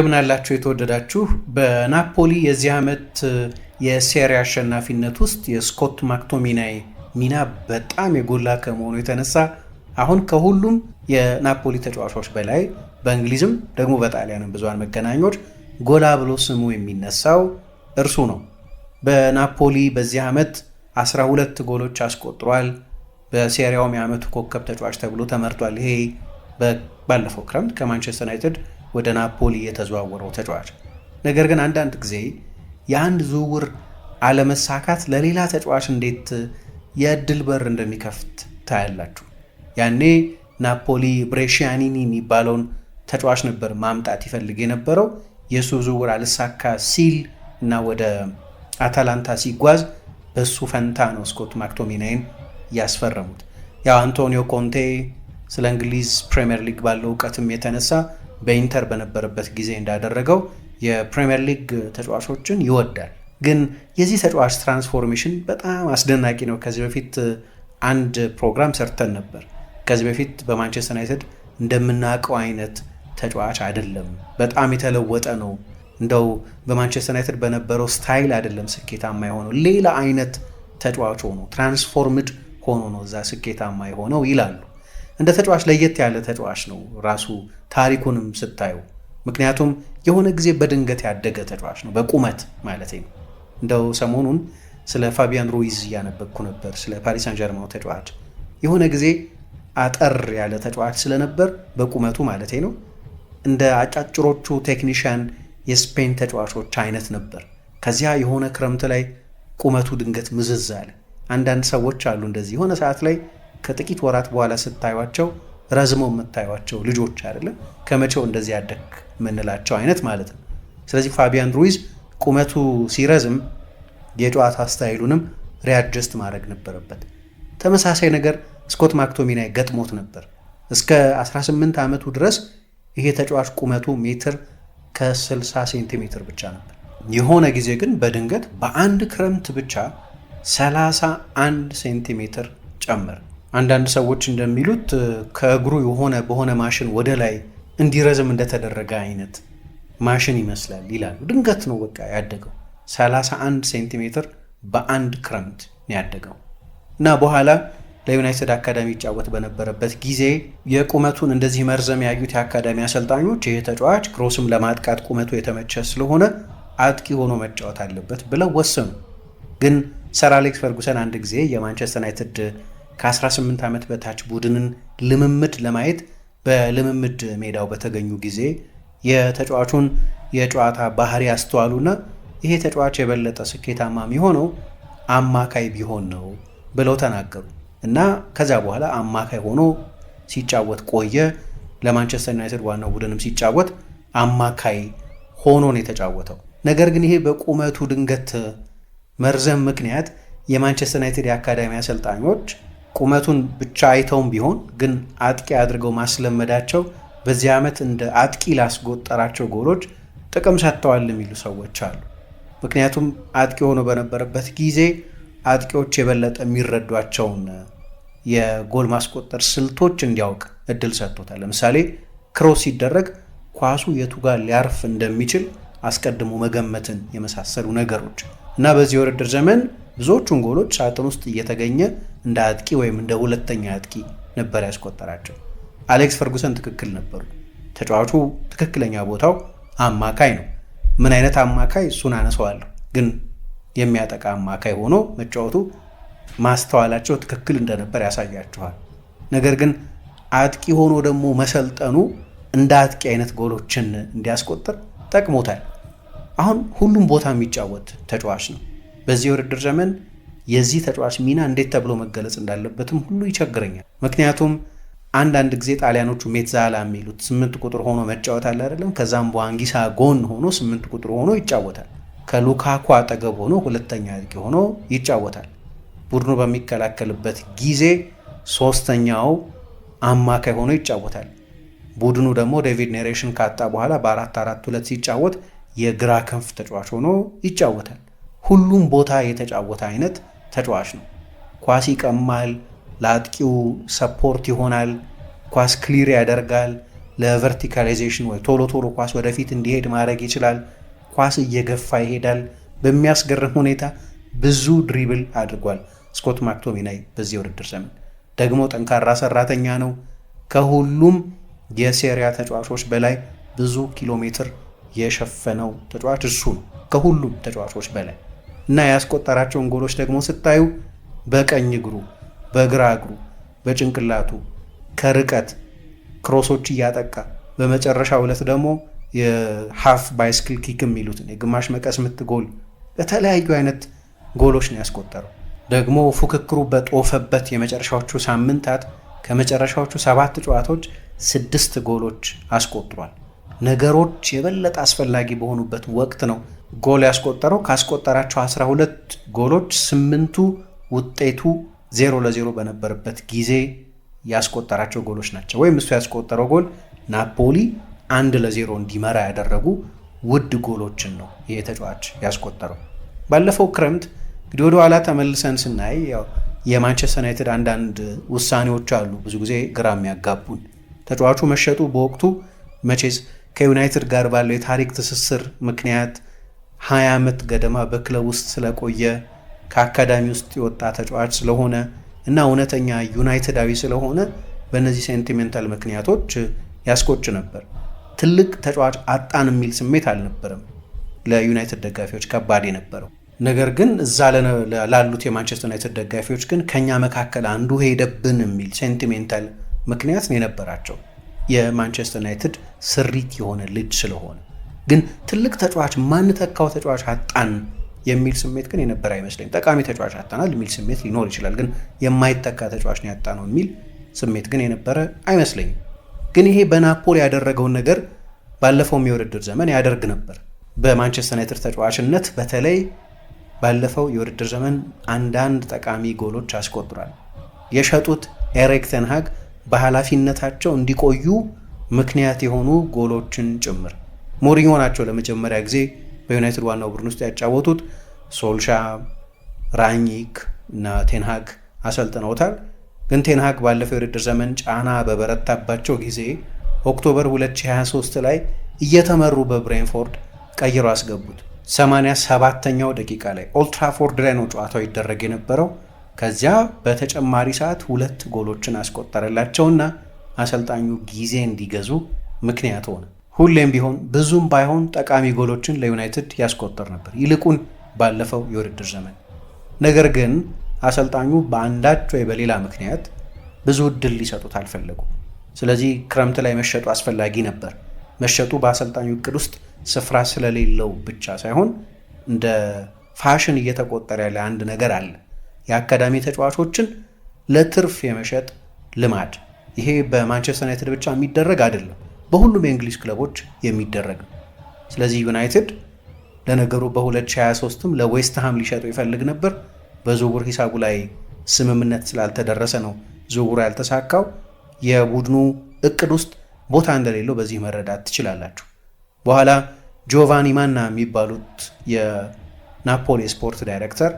እንደምን የተወደዳችሁ በናፖሊ የዚህ ዓመት የሴሪ አሸናፊነት ውስጥ የስኮት ማክቶሚናይ ሚና በጣም የጎላ ከመሆኑ የተነሳ አሁን ከሁሉም የናፖሊ ተጫዋቾች በላይ በእንግሊዝም ደግሞ በጣሊያንም ብዙሃን መገናኞች ጎላ ብሎ ስሙ የሚነሳው እርሱ ነው። በናፖሊ በዚህ ዓመት 12 ጎሎች አስቆጥሯል። በሴሪያውም የዓመቱ ኮከብ ተጫዋች ተብሎ ተመርጧል። ይሄ ባለፈው ክረምት ከማንቸስተር ዩናይትድ ወደ ናፖሊ የተዘዋወረው ተጫዋች። ነገር ግን አንዳንድ ጊዜ የአንድ ዝውውር አለመሳካት ለሌላ ተጫዋች እንዴት የእድል በር እንደሚከፍት ታያላችሁ። ያኔ ናፖሊ ብሬሽያኒኒ የሚባለውን ተጫዋች ነበር ማምጣት ይፈልግ የነበረው። የእሱ ዝውውር አልሳካ ሲል እና ወደ አታላንታ ሲጓዝ በሱ ፈንታ ነው ስኮት ማክቶሚናይን ያስፈረሙት። ያው አንቶኒዮ ኮንቴ ስለ እንግሊዝ ፕሪምየር ሊግ ባለው እውቀትም የተነሳ በኢንተር በነበረበት ጊዜ እንዳደረገው የፕሪምየር ሊግ ተጫዋቾችን ይወዳል። ግን የዚህ ተጫዋች ትራንስፎርሜሽን በጣም አስደናቂ ነው። ከዚህ በፊት አንድ ፕሮግራም ሰርተን ነበር። ከዚህ በፊት በማንቸስተር ዩናይትድ እንደምናውቀው አይነት ተጫዋች አይደለም። በጣም የተለወጠ ነው። እንደው በማንቸስተር ዩናይትድ በነበረው ስታይል አይደለም ስኬታማ የሆነው ሌላ አይነት ተጫዋች ሆኖ ትራንስፎርምድ ሆኖ ነው እዛ ስኬታማ የሆነው ይላሉ። እንደ ተጫዋች ለየት ያለ ተጫዋች ነው ራሱ ታሪኩንም ስታዩ። ምክንያቱም የሆነ ጊዜ በድንገት ያደገ ተጫዋች ነው በቁመት ማለት ነው። እንደው ሰሞኑን ስለ ፋቢያን ሩይዝ እያነበብኩ ነበር፣ ስለ ፓሪስ ሳን ጀርማው ተጫዋች የሆነ ጊዜ አጠር ያለ ተጫዋች ስለነበር በቁመቱ ማለት ነው እንደ አጫጭሮቹ ቴክኒሽያን የስፔን ተጫዋቾች አይነት ነበር። ከዚያ የሆነ ክረምት ላይ ቁመቱ ድንገት ምዝዝ አለ። አንዳንድ ሰዎች አሉ እንደዚህ የሆነ ሰዓት ላይ ከጥቂት ወራት በኋላ ስታዩቸው ረዝሞ የምታዩቸው ልጆች አይደለም ከመቼው እንደዚህ ያደግ የምንላቸው አይነት ማለት ነው። ስለዚህ ፋቢያን ሩይዝ ቁመቱ ሲረዝም የጨዋታ ስታይሉንም ሪያጀስት ማድረግ ነበረበት። ተመሳሳይ ነገር ስኮት ማክቶሚናይ ገጥሞት ነበር። እስከ 18 ዓመቱ ድረስ ይሄ ተጫዋች ቁመቱ ሜትር ከ60 ሴንቲሜትር ብቻ ነበር። የሆነ ጊዜ ግን በድንገት በአንድ ክረምት ብቻ 31 ሴንቲሜትር ጨመር። አንዳንድ ሰዎች እንደሚሉት ከእግሩ የሆነ በሆነ ማሽን ወደ ላይ እንዲረዝም እንደተደረገ አይነት ማሽን ይመስላል ይላሉ። ድንገት ነው በቃ ያደገው 31 ሴንቲሜትር በአንድ ክረምት ነው ያደገው እና በኋላ ለዩናይትድ አካዳሚ ይጫወት በነበረበት ጊዜ የቁመቱን እንደዚህ መርዘም ያዩት የአካዳሚ አሰልጣኞች ይህ ተጫዋች ክሮስም ለማጥቃት ቁመቱ የተመቸ ስለሆነ አጥቂ ሆኖ መጫወት አለበት ብለው ወሰኑ። ግን ሰር አሌክስ ፈርጉሰን አንድ ጊዜ የማንቸስተር ዩናይትድ ከ18 ዓመት በታች ቡድንን ልምምድ ለማየት በልምምድ ሜዳው በተገኙ ጊዜ የተጫዋቹን የጨዋታ ባህሪ ያስተዋሉና ይሄ ተጫዋች የበለጠ ስኬታማ የሚሆነው አማካይ ቢሆን ነው ብለው ተናገሩ እና ከዚያ በኋላ አማካይ ሆኖ ሲጫወት ቆየ። ለማንቸስተር ዩናይትድ ዋናው ቡድንም ሲጫወት አማካይ ሆኖ ነው የተጫወተው። ነገር ግን ይሄ በቁመቱ ድንገት መርዘም ምክንያት የማንቸስተር ዩናይትድ የአካዳሚ አሰልጣኞች ቁመቱን ብቻ አይተውም ቢሆን ግን አጥቂ አድርገው ማስለመዳቸው በዚህ ዓመት እንደ አጥቂ ላስቆጠራቸው ጎሎች ጥቅም ሰጥተዋል የሚሉ ሰዎች አሉ። ምክንያቱም አጥቂ ሆኖ በነበረበት ጊዜ አጥቂዎች የበለጠ የሚረዷቸውን የጎል ማስቆጠር ስልቶች እንዲያውቅ እድል ሰጥቶታል። ለምሳሌ ክሮስ ሲደረግ ኳሱ የቱ ጋር ሊያርፍ እንደሚችል አስቀድሞ መገመትን የመሳሰሉ ነገሮች እና በዚህ የውድድር ዘመን ብዙዎቹን ጎሎች ሳጥን ውስጥ እየተገኘ እንደ አጥቂ ወይም እንደ ሁለተኛ አጥቂ ነበር ያስቆጠራቸው። አሌክስ ፈርጉሰን ትክክል ነበሩ። ተጫዋቹ ትክክለኛ ቦታው አማካይ ነው። ምን አይነት አማካይ እሱን አነሰዋለሁ፣ ግን የሚያጠቃ አማካይ ሆኖ መጫወቱ ማስተዋላቸው ትክክል እንደነበር ያሳያችኋል። ነገር ግን አጥቂ ሆኖ ደግሞ መሰልጠኑ እንደ አጥቂ አይነት ጎሎችን እንዲያስቆጥር ጠቅሞታል። አሁን ሁሉም ቦታ የሚጫወት ተጫዋች ነው። በዚህ የውድድር ዘመን የዚህ ተጫዋች ሚና እንዴት ተብሎ መገለጽ እንዳለበትም ሁሉ ይቸግረኛል። ምክንያቱም አንዳንድ ጊዜ ጣሊያኖቹ ሜትዛላ የሚሉት ስምንት ቁጥር ሆኖ መጫወት አለ አይደለም። ከዛም በአንጊሳ ጎን ሆኖ ስምንት ቁጥር ሆኖ ይጫወታል። ከሉካኩ አጠገብ ሆኖ ሁለተኛ አጥቂ ሆኖ ይጫወታል። ቡድኑ በሚከላከልበት ጊዜ ሶስተኛው አማካይ ሆኖ ይጫወታል። ቡድኑ ደግሞ ዴቪድ ኔሬሽን ካጣ በኋላ በአራት አራት ሁለት ሲጫወት የግራ ክንፍ ተጫዋች ሆኖ ይጫወታል። ሁሉም ቦታ የተጫወተ አይነት ተጫዋች ነው። ኳስ ይቀማል፣ ለአጥቂው ሰፖርት ይሆናል፣ ኳስ ክሊር ያደርጋል፣ ለቨርቲካላይዜሽን ወይ ቶሎ ቶሎ ኳስ ወደፊት እንዲሄድ ማድረግ ይችላል። ኳስ እየገፋ ይሄዳል። በሚያስገርም ሁኔታ ብዙ ድሪብል አድርጓል። ስኮት ማክቶሚናይ በዚህ ውድድር ዘመን ደግሞ ጠንካራ ሰራተኛ ነው። ከሁሉም የሴሪያ ተጫዋቾች በላይ ብዙ ኪሎ ሜትር የሸፈነው ተጫዋች እሱ ነው፣ ከሁሉም ተጫዋቾች በላይ እና ያስቆጠራቸውን ጎሎች ደግሞ ስታዩ በቀኝ እግሩ፣ በግራ እግሩ፣ በጭንቅላቱ ከርቀት ክሮሶች እያጠቃ በመጨረሻው ዕለት ደግሞ የሃፍ ባይስክል ኪክ የሚሉትን የግማሽ መቀስ ምት ጎል በተለያዩ አይነት ጎሎች ነው ያስቆጠረው። ደግሞ ፉክክሩ በጦፈበት የመጨረሻዎቹ ሳምንታት ከመጨረሻዎቹ ሰባት ጨዋታዎች ስድስት ጎሎች አስቆጥሯል። ነገሮች የበለጠ አስፈላጊ በሆኑበት ወቅት ነው ጎል ያስቆጠረው። ካስቆጠራቸው 12 ጎሎች ስምንቱ ውጤቱ 0 ለ0 በነበረበት ጊዜ ያስቆጠራቸው ጎሎች ናቸው። ወይም እሱ ያስቆጠረው ጎል ናፖሊ አንድ ለዜሮ እንዲመራ ያደረጉ ውድ ጎሎችን ነው ይህ ተጫዋች ያስቆጠረው። ባለፈው ክረምት እንግዲህ ወደ ኋላ ተመልሰን ስናይ የማንቸስተር ዩናይትድ አንዳንድ ውሳኔዎች አሉ ብዙ ጊዜ ግራ የሚያጋቡን። ተጫዋቹ መሸጡ በወቅቱ መቼስ ከዩናይትድ ጋር ባለው የታሪክ ትስስር ምክንያት 20 ዓመት ገደማ በክለብ ውስጥ ስለቆየ ከአካዳሚ ውስጥ የወጣ ተጫዋች ስለሆነ እና እውነተኛ ዩናይትዳዊ ስለሆነ በእነዚህ ሴንቲሜንታል ምክንያቶች ያስቆጭ ነበር። ትልቅ ተጫዋች አጣን የሚል ስሜት አልነበረም። ለዩናይትድ ደጋፊዎች ከባድ የነበረው ነገር ግን እዛ ላሉት የማንቸስተር ዩናይትድ ደጋፊዎች ግን ከኛ መካከል አንዱ ሄደብን የሚል ሴንቲሜንታል ምክንያት ነው የነበራቸው። የማንቸስተር ዩናይትድ ስሪት የሆነ ልጅ ስለሆነ ግን ትልቅ ተጫዋች ማንተካው ተጫዋች አጣን የሚል ስሜት ግን የነበረ አይመስለኝም። ጠቃሚ ተጫዋች አጣናል የሚል ስሜት ሊኖር ይችላል፣ ግን የማይተካ ተጫዋች ነው ነው የሚል ስሜት ግን የነበረ አይመስለኝም። ግን ይሄ በናፖሊ ያደረገውን ነገር ባለፈው የውድድር ዘመን ያደርግ ነበር። በማንቸስተር ዩናይትድ ተጫዋችነት በተለይ ባለፈው የውድድር ዘመን አንዳንድ ጠቃሚ ጎሎች አስቆጥሯል። የሸጡት ኤሪክ በኃላፊነታቸው እንዲቆዩ ምክንያት የሆኑ ጎሎችን ጭምር ሞሪኞ ናቸው ለመጀመሪያ ጊዜ በዩናይትድ ዋናው ቡድን ውስጥ ያጫወቱት። ሶልሻ፣ ራኒክ እና ቴንሃግ አሰልጥነውታል። ግን ቴንሃግ ባለፈው የውድድር ዘመን ጫና በበረታባቸው ጊዜ ኦክቶበር 2023 ላይ እየተመሩ በብሬንፎርድ ቀይሮ አስገቡት። 87ኛው ደቂቃ ላይ ኦልትራፎርድ ላይ ነው ጨዋታው ይደረግ የነበረው። ከዚያ በተጨማሪ ሰዓት ሁለት ጎሎችን አስቆጠረላቸውና አሰልጣኙ ጊዜ እንዲገዙ ምክንያት ሆነ። ሁሌም ቢሆን ብዙም ባይሆን ጠቃሚ ጎሎችን ለዩናይትድ ያስቆጠር ነበር፣ ይልቁን ባለፈው የውድድር ዘመን። ነገር ግን አሰልጣኙ በአንዳች ወይ በሌላ ምክንያት ብዙ እድል ሊሰጡት አልፈለጉ። ስለዚህ ክረምት ላይ መሸጡ አስፈላጊ ነበር። መሸጡ በአሰልጣኙ እቅድ ውስጥ ስፍራ ስለሌለው ብቻ ሳይሆን እንደ ፋሽን እየተቆጠረ ያለ አንድ ነገር አለ። የአካዳሚ ተጫዋቾችን ለትርፍ የመሸጥ ልማድ ይሄ በማንቸስተር ዩናይትድ ብቻ የሚደረግ አይደለም፣ በሁሉም የእንግሊዝ ክለቦች የሚደረግ ነው። ስለዚህ ዩናይትድ ለነገሩ በ2023ም ለዌስትሃም ሊሸጠው ይፈልግ ነበር። በዝውውር ሂሳቡ ላይ ስምምነት ስላልተደረሰ ነው ዝውውሩ ያልተሳካው። የቡድኑ እቅድ ውስጥ ቦታ እንደሌለው በዚህ መረዳት ትችላላችሁ። በኋላ ጆቫኒ ማና የሚባሉት የናፖሊ ስፖርት ዳይሬክተር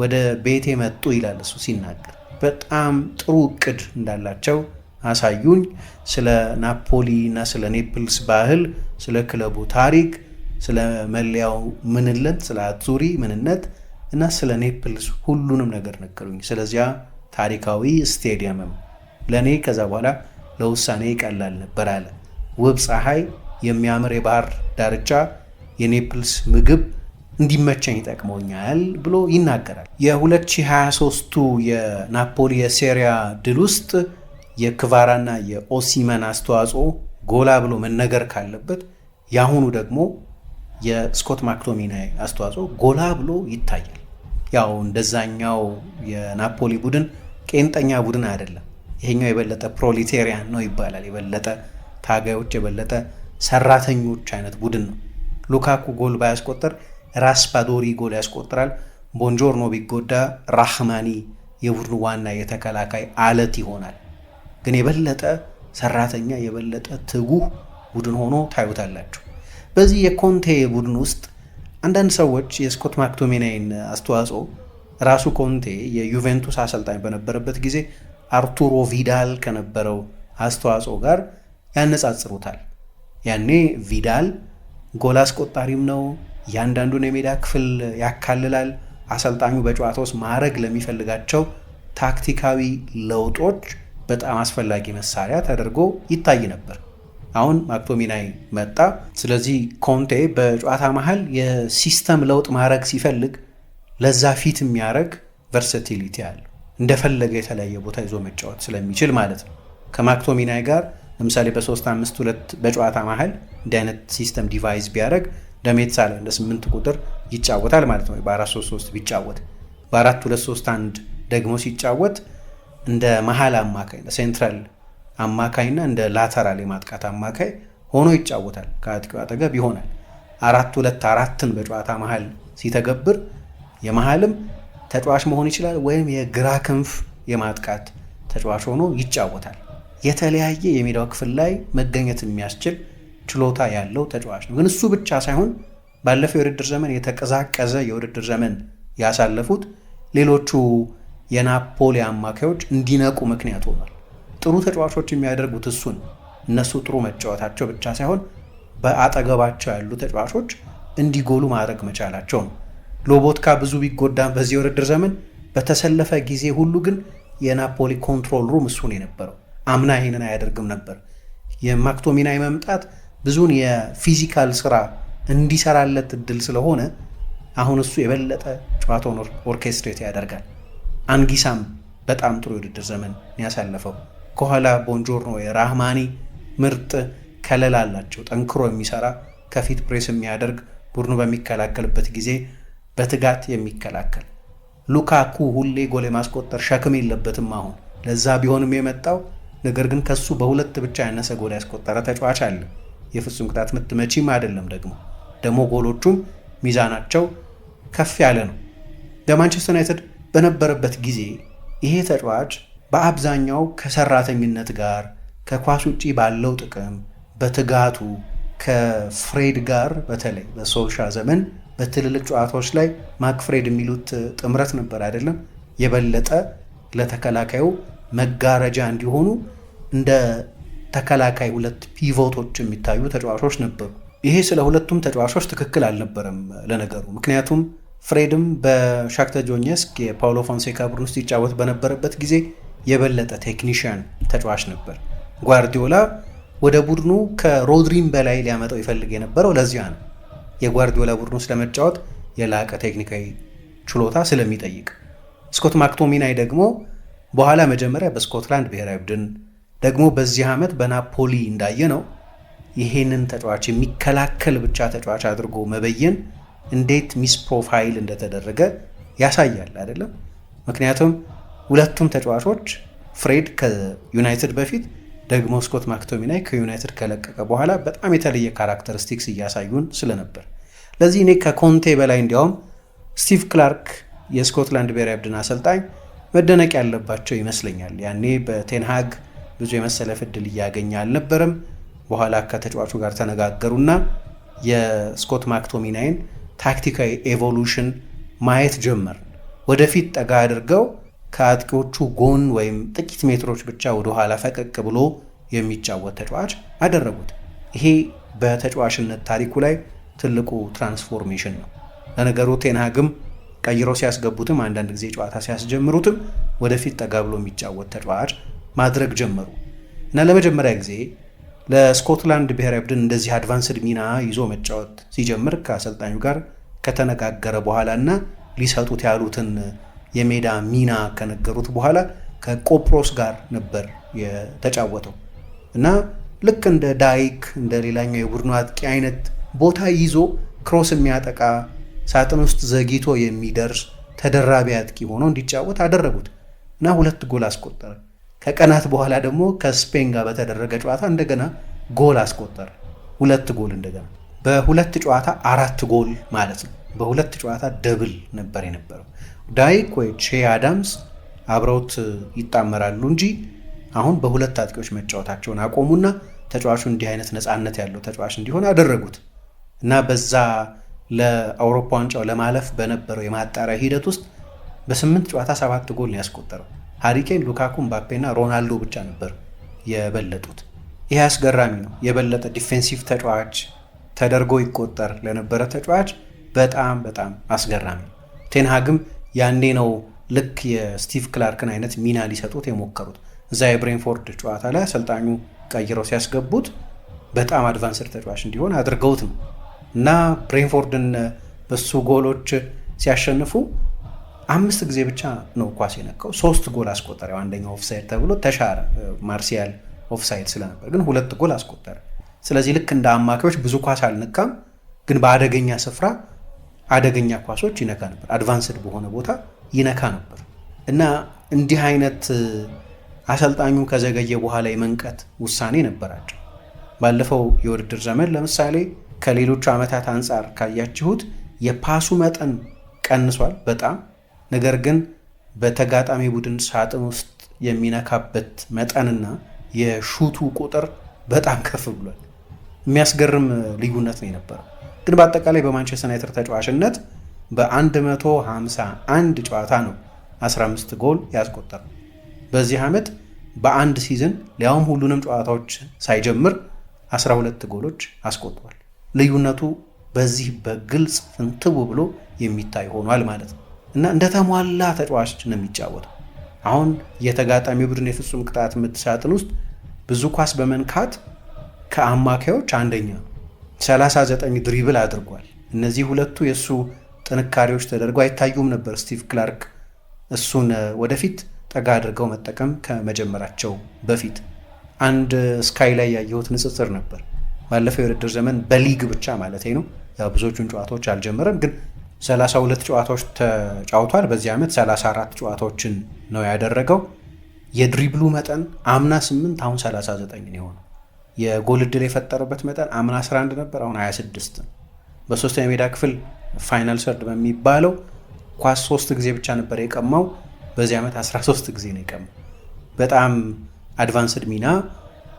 ወደ ቤቴ መጡ ይላል እሱ ሲናገር። በጣም ጥሩ እቅድ እንዳላቸው አሳዩኝ። ስለ ናፖሊ እና ስለ ኔፕልስ ባህል፣ ስለ ክለቡ ታሪክ፣ ስለ መለያው ምንነት፣ ስለ አዙሪ ምንነት እና ስለ ኔፕልስ ሁሉንም ነገር ነገሩኝ። ስለዚያ ታሪካዊ ስቴዲየምም ለእኔ ከዛ በኋላ ለውሳኔ ይቀላል ነበር አለ። ውብ ፀሐይ፣ የሚያምር የባህር ዳርቻ፣ የኔፕልስ ምግብ እንዲመቸኝ ይጠቅመኛል ብሎ ይናገራል። የ2023ቱ የናፖሊ የሴሪያ ድል ውስጥ የክቫራና የኦሲመን አስተዋጽኦ ጎላ ብሎ መነገር ካለበት የአሁኑ ደግሞ የስኮት ማክቶሚና አስተዋጽኦ ጎላ ብሎ ይታያል። ያው እንደዛኛው የናፖሊ ቡድን ቄንጠኛ ቡድን አይደለም። ይሄኛው የበለጠ ፕሮሌቴሪያን ነው ይባላል። የበለጠ ታጋዮች፣ የበለጠ ሰራተኞች አይነት ቡድን ነው። ሉካኩ ጎል ባያስቆጠር ራስፓዶሪ ጎል ያስቆጥራል። ቦንጆርኖ ቢጎዳ ራህማኒ የቡድኑ ዋና የተከላካይ አለት ይሆናል። ግን የበለጠ ሰራተኛ የበለጠ ትጉህ ቡድን ሆኖ ታዩታላችሁ። በዚህ የኮንቴ ቡድን ውስጥ አንዳንድ ሰዎች የስኮት ማክቶሚናይን አስተዋጽኦ ራሱ ኮንቴ የዩቬንቱስ አሰልጣኝ በነበረበት ጊዜ አርቱሮ ቪዳል ከነበረው አስተዋጽኦ ጋር ያነጻጽሩታል። ያኔ ቪዳል ጎል አስቆጣሪም ነው እያንዳንዱን የሜዳ ክፍል ያካልላል። አሰልጣኙ በጨዋታ ውስጥ ማድረግ ለሚፈልጋቸው ታክቲካዊ ለውጦች በጣም አስፈላጊ መሳሪያ ተደርጎ ይታይ ነበር። አሁን ማክቶሚናይ መጣ። ስለዚህ ኮንቴ በጨዋታ መሀል የሲስተም ለውጥ ማድረግ ሲፈልግ ለዛ ፊት የሚያደርግ ቨርሳቲሊቲ አለ። እንደፈለገ የተለያየ ቦታ ይዞ መጫወት ስለሚችል ማለት ነው። ከማክቶሚናይ ጋር ለምሳሌ በ352 በጨዋታ መሀል እንዲህ አይነት ሲስተም ዲቫይስ ቢያደርግ ለሜትሳ ላይ እንደ ስምንት ቁጥር ይጫወታል ማለት ነው። በአራት ሶስት ሶስት ቢጫወት በአራት ሁለት ሶስት አንድ ደግሞ ሲጫወት እንደ መሀል አማካይ ሴንትራል አማካይና እንደ ላተራል የማጥቃት አማካይ ሆኖ ይጫወታል። ከአጥቂው አጠገብ ይሆናል። አራት ሁለት አራትን በጨዋታ መሀል ሲተገብር የመሀልም ተጫዋች መሆን ይችላል ወይም የግራ ክንፍ የማጥቃት ተጫዋች ሆኖ ይጫወታል። የተለያየ የሜዳው ክፍል ላይ መገኘት የሚያስችል ችሎታ ያለው ተጫዋች ነው። ግን እሱ ብቻ ሳይሆን ባለፈው የውድድር ዘመን የተቀዛቀዘ የውድድር ዘመን ያሳለፉት ሌሎቹ የናፖሊ አማካዮች እንዲነቁ ምክንያት ሆኗል። ጥሩ ተጫዋቾች የሚያደርጉት እሱን እነሱ ጥሩ መጫወታቸው ብቻ ሳይሆን በአጠገባቸው ያሉ ተጫዋቾች እንዲጎሉ ማድረግ መቻላቸው ነው። ሎቦትካ ብዙ ቢጎዳም በዚህ የውድድር ዘመን በተሰለፈ ጊዜ ሁሉ ግን የናፖሊ ኮንትሮል ሩም እሱን የነበረው አምና ይህንን አያደርግም ነበር። የማክቶሚናይ መምጣት ብዙውን የፊዚካል ስራ እንዲሰራለት እድል ስለሆነ አሁን እሱ የበለጠ ጨዋታውን ኦርኬስትሬት ያደርጋል። አንጊሳም በጣም ጥሩ የውድድር ዘመን ያሳለፈው ከኋላ ቦንጆርኖ የራህማኒ ምርጥ ከለላ አላቸው። ጠንክሮ የሚሰራ ከፊት ፕሬስ የሚያደርግ ቡድኑ በሚከላከልበት ጊዜ በትጋት የሚከላከል ሉካኩ ሁሌ ጎል የማስቆጠር ሸክም የለበትም። አሁን ለዛ ቢሆንም የመጣው ነገር ግን ከሱ በሁለት ብቻ ያነሰ ጎል ያስቆጠረ ተጫዋች አለ። የፍጹም ቅጣት ምት አይደለም። ደግሞ ደግሞ ጎሎቹም ሚዛናቸው ከፍ ያለ ነው። በማንቸስተር ዩናይትድ በነበረበት ጊዜ ይሄ ተጫዋች በአብዛኛው ከሰራተኝነት ጋር ከኳስ ውጪ ባለው ጥቅም በትጋቱ ከፍሬድ ጋር በተለይ በሶሻ ዘመን በትልልቅ ጨዋታዎች ላይ ማክፍሬድ የሚሉት ጥምረት ነበር አይደለም የበለጠ ለተከላካዩ መጋረጃ እንዲሆኑ እንደ ተከላካይ ሁለት ፒቮቶች የሚታዩ ተጫዋቾች ነበሩ። ይሄ ስለ ሁለቱም ተጫዋቾች ትክክል አልነበረም ለነገሩ ምክንያቱም ፍሬድም በሻክተ ጆኔስክ የፓውሎ ፎንሴካ ቡድን ውስጥ ይጫወት በነበረበት ጊዜ የበለጠ ቴክኒሽያን ተጫዋች ነበር። ጓርዲዮላ ወደ ቡድኑ ከሮድሪም በላይ ሊያመጣው ይፈልግ የነበረው ለዚያ ነው። የጓርዲዮላ ቡድን ውስጥ ለመጫወት የላቀ ቴክኒካዊ ችሎታ ስለሚጠይቅ። ስኮት ማክቶሚናይ ደግሞ በኋላ መጀመሪያ በስኮትላንድ ብሔራዊ ቡድን ደግሞ በዚህ ዓመት በናፖሊ እንዳየ ነው ይሄንን ተጫዋች የሚከላከል ብቻ ተጫዋች አድርጎ መበየን እንዴት ሚስ ፕሮፋይል እንደተደረገ ያሳያል አይደለም። ምክንያቱም ሁለቱም ተጫዋቾች ፍሬድ ከዩናይትድ በፊት ደግሞ ስኮት ማክቶሚናይ ከዩናይትድ ከለቀቀ በኋላ በጣም የተለየ ካራክተሪስቲክስ እያሳዩን ስለነበር ለዚህ እኔ ከኮንቴ በላይ እንዲያውም ስቲቭ ክላርክ የስኮትላንድ ብሔራዊ ቡድን አሰልጣኝ መደነቅ ያለባቸው ይመስለኛል። ያኔ በቴንሃግ ብዙ የመሰለፍ እድል እያገኘ አልነበረም። በኋላ ከተጫዋቹ ጋር ተነጋገሩና የስኮት ማክቶሚናይን ታክቲካዊ ኤቮሉሽን ማየት ጀመር። ወደፊት ጠጋ አድርገው ከአጥቂዎቹ ጎን ወይም ጥቂት ሜትሮች ብቻ ወደ ኋላ ፈቀቅ ብሎ የሚጫወት ተጫዋች አደረጉት። ይሄ በተጫዋችነት ታሪኩ ላይ ትልቁ ትራንስፎርሜሽን ነው። ለነገሩ ቴንሃግም ቀይሮ ሲያስገቡትም አንዳንድ ጊዜ ጨዋታ ሲያስጀምሩትም ወደፊት ጠጋ ብሎ የሚጫወት ተጫዋች ማድረግ ጀመሩ እና ለመጀመሪያ ጊዜ ለስኮትላንድ ብሔራዊ ቡድን እንደዚህ አድቫንስድ ሚና ይዞ መጫወት ሲጀምር ከአሰልጣኙ ጋር ከተነጋገረ በኋላ እና ሊሰጡት ያሉትን የሜዳ ሚና ከነገሩት በኋላ ከቆፕሮስ ጋር ነበር የተጫወተው እና ልክ እንደ ዳይክ እንደ ሌላኛው የቡድኑ አጥቂ አይነት ቦታ ይዞ ክሮስ የሚያጠቃ ሳጥን ውስጥ ዘግይቶ የሚደርስ ተደራቢ አጥቂ ሆኖ እንዲጫወት አደረጉት እና ሁለት ጎል አስቆጠረ። ከቀናት በኋላ ደግሞ ከስፔን ጋር በተደረገ ጨዋታ እንደገና ጎል አስቆጠረ። ሁለት ጎል እንደገና በሁለት ጨዋታ አራት ጎል ማለት ነው። በሁለት ጨዋታ ደብል ነበር የነበረው። ዳይክ ወይ ቼ አዳምስ አብረውት ይጣመራሉ እንጂ አሁን በሁለት አጥቂዎች መጫወታቸውን አቆሙና ተጫዋቹ እንዲህ አይነት ነፃነት ያለው ተጫዋች እንዲሆን አደረጉት እና በዛ ለአውሮፓ ዋንጫው ለማለፍ በነበረው የማጣሪያ ሂደት ውስጥ በስምንት ጨዋታ ሰባት ጎል ነው ያስቆጠረው። ሃሪኬን፣ ሉካኩ፣ ምባፔና ሮናልዶ ብቻ ነበር የበለጡት። ይህ አስገራሚ ነው። የበለጠ ዲፌንሲቭ ተጫዋች ተደርጎ ይቆጠር ለነበረ ተጫዋች በጣም በጣም አስገራሚ ነው። ቴንሃግም ያኔ ነው ልክ የስቲቭ ክላርክን አይነት ሚና ሊሰጡት የሞከሩት። እዛ የብሬንፎርድ ጨዋታ ላይ አሰልጣኙ ቀይረው ሲያስገቡት በጣም አድቫንስድ ተጫዋች እንዲሆን አድርገውት ነው እና ብሬንፎርድን በሱ ጎሎች ሲያሸንፉ አምስት ጊዜ ብቻ ነው ኳስ የነካው። ሶስት ጎል አስቆጠረ። አንደኛው ኦፍሳይድ ተብሎ ተሻረ። ማርሲያል ኦፍሳይድ ስለነበር ግን ሁለት ጎል አስቆጠረ። ስለዚህ ልክ እንደ አማካዮች ብዙ ኳስ አልነካም፣ ግን በአደገኛ ስፍራ አደገኛ ኳሶች ይነካ ነበር። አድቫንስድ በሆነ ቦታ ይነካ ነበር እና እንዲህ አይነት አሰልጣኙ ከዘገየ በኋላ የመንቀት ውሳኔ ነበራቸው። ባለፈው የውድድር ዘመን ለምሳሌ ከሌሎቹ ዓመታት አንጻር ካያችሁት የፓሱ መጠን ቀንሷል በጣም ነገር ግን በተጋጣሚ ቡድን ሳጥን ውስጥ የሚነካበት መጠንና የሹቱ ቁጥር በጣም ከፍ ብሏል። የሚያስገርም ልዩነት ነው የነበረው። ግን በአጠቃላይ በማንቸስተር ዩናይትድ ተጫዋችነት በ151 ጨዋታ ነው 15 ጎል ያስቆጠረው። በዚህ ዓመት በአንድ ሲዝን ሊያውም ሁሉንም ጨዋታዎች ሳይጀምር 12 ጎሎች አስቆጥሯል። ልዩነቱ በዚህ በግልጽ ፍንትው ብሎ የሚታይ ሆኗል ማለት ነው። እና እንደ ተሟላ ተጫዋች ነው የሚጫወተው። አሁን የተጋጣሚ ቡድን የፍጹም ቅጣት ምት ሳጥን ውስጥ ብዙ ኳስ በመንካት ከአማካዮች አንደኛ ነው። 39 ድሪብል አድርጓል። እነዚህ ሁለቱ የእሱ ጥንካሬዎች ተደርገው አይታዩም ነበር። ስቲቭ ክላርክ እሱን ወደፊት ጠጋ አድርገው መጠቀም ከመጀመራቸው በፊት አንድ ስካይ ላይ ያየሁት ንጽጽር ነበር። ባለፈው የውድድር ዘመን በሊግ ብቻ ማለት ነው። ብዙዎቹን ጨዋታዎች አልጀመረም ግን 32 ጨዋታዎች ተጫውቷል። በዚህ ዓመት 34 ጨዋታዎችን ነው ያደረገው። የድሪብሉ መጠን አምና 8 አሁን 39 ነው የሆነው። የጎል እድል የፈጠረበት መጠን አምና 11 ነበር፣ አሁን 26 ነው። በሶስተኛ ሜዳ ክፍል ፋይናል ሰርድ በሚባለው ኳስ ሶስት ጊዜ ብቻ ነበር የቀማው። በዚህ ዓመት 13 ጊዜ ነው የቀማው። በጣም አድቫንስድ ሚና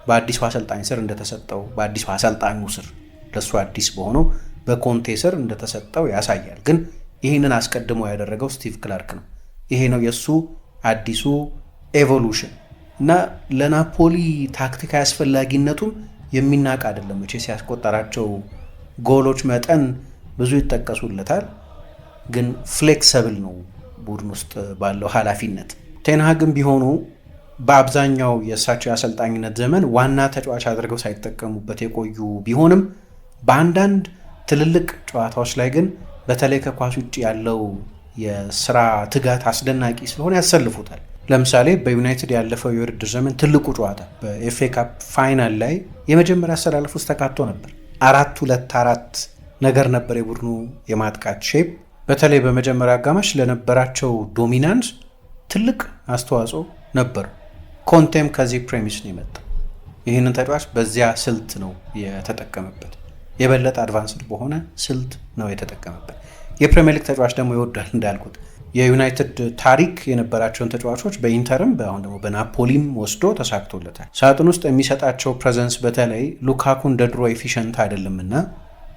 በአዲሱ አሰልጣኝ ስር እንደተሰጠው በአዲሱ አሰልጣኙ ስር ለእሱ አዲስ በሆነው በኮንቴ ስር እንደተሰጠው ያሳያል። ግን ይህንን አስቀድሞ ያደረገው ስቲቭ ክላርክ ነው። ይሄ ነው የእሱ አዲሱ ኤቮሉሽን እና ለናፖሊ ታክቲካ አስፈላጊነቱም የሚናቅ አይደለም። መቼ ሲያስቆጠራቸው ጎሎች መጠን ብዙ ይጠቀሱለታል። ግን ፍሌክሰብል ነው ቡድን ውስጥ ባለው ኃላፊነት። ቴንሃግም ቢሆኑ በአብዛኛው የእሳቸው የአሰልጣኝነት ዘመን ዋና ተጫዋች አድርገው ሳይጠቀሙበት የቆዩ ቢሆንም በአንዳንድ ትልልቅ ጨዋታዎች ላይ ግን በተለይ ከኳስ ውጭ ያለው የስራ ትጋት አስደናቂ ስለሆነ ያሰልፉታል። ለምሳሌ በዩናይትድ ያለፈው የውድድር ዘመን ትልቁ ጨዋታ በኤፍ ኤ ካፕ ፋይናል ላይ የመጀመሪያ አሰላለፍ ውስጥ ተካቶ ነበር። አራት ሁለት አራት ነገር ነበር የቡድኑ የማጥቃት ሼፕ። በተለይ በመጀመሪያ አጋማሽ ለነበራቸው ዶሚናንስ ትልቅ አስተዋጽኦ ነበሩ። ኮንቴም ከዚህ ፕሬሚስ ነው የመጣ። ይህንን ተጫዋች በዚያ ስልት ነው የተጠቀመበት። የበለጠ አድቫንስድ በሆነ ስልት ነው የተጠቀመበት። የፕሪሚየር ሊግ ተጫዋች ደግሞ ይወዳል እንዳልኩት የዩናይትድ ታሪክ የነበራቸውን ተጫዋቾች በኢንተርም አሁን ደግሞ በናፖሊም ወስዶ ተሳክቶለታል። ሳጥን ውስጥ የሚሰጣቸው ፕሬዘንስ በተለይ ሉካኩ እንደ ድሮ አይደለም እና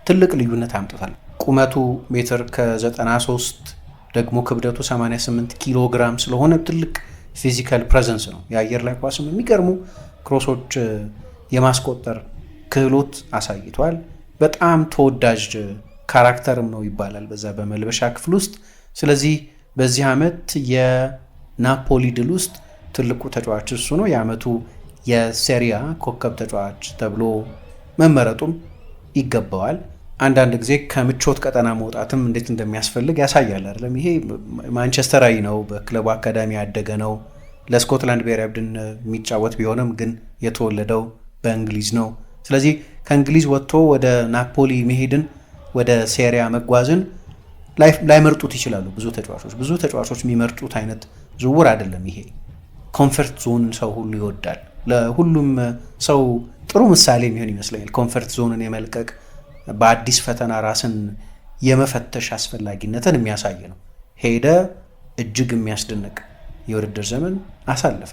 ትልቅ ልዩነት አምጥቷል። ቁመቱ ሜትር ከ93 ደግሞ ክብደቱ 88 ኪሎ ግራም ስለሆነ ትልቅ ፊዚካል ፕሬዘንስ ነው። የአየር ላይ ኳስም የሚገርሙ ክሮሶች የማስቆጠር ክህሎት አሳይቷል። በጣም ተወዳጅ ካራክተርም ነው ይባላል በዛ በመልበሻ ክፍል ውስጥ። ስለዚህ በዚህ ዓመት የናፖሊ ድል ውስጥ ትልቁ ተጫዋች እሱ ነው። የዓመቱ የሴሪያ ኮከብ ተጫዋች ተብሎ መመረጡም ይገባዋል። አንዳንድ ጊዜ ከምቾት ቀጠና መውጣትም እንዴት እንደሚያስፈልግ ያሳያል። አይደለም ይሄ ማንቸስተራዊ ነው፣ በክለቡ አካዳሚ ያደገ ነው። ለስኮትላንድ ብሔራዊ ቡድን የሚጫወት ቢሆንም ግን የተወለደው በእንግሊዝ ነው። ስለዚህ ከእንግሊዝ ወጥቶ ወደ ናፖሊ መሄድን ወደ ሴሪያ መጓዝን ላይመርጡት ይችላሉ ብዙ ተጫዋቾች። ብዙ ተጫዋቾች የሚመርጡት አይነት ዝውውር አይደለም ይሄ። ኮንፈርት ዞንን ሰው ሁሉ ይወዳል። ለሁሉም ሰው ጥሩ ምሳሌ የሚሆን ይመስለኛል። ኮንፈርት ዞንን የመልቀቅ በአዲስ ፈተና ራስን የመፈተሽ አስፈላጊነትን የሚያሳይ ነው። ሄደ፣ እጅግ የሚያስደንቅ የውድድር ዘመን አሳለፈ።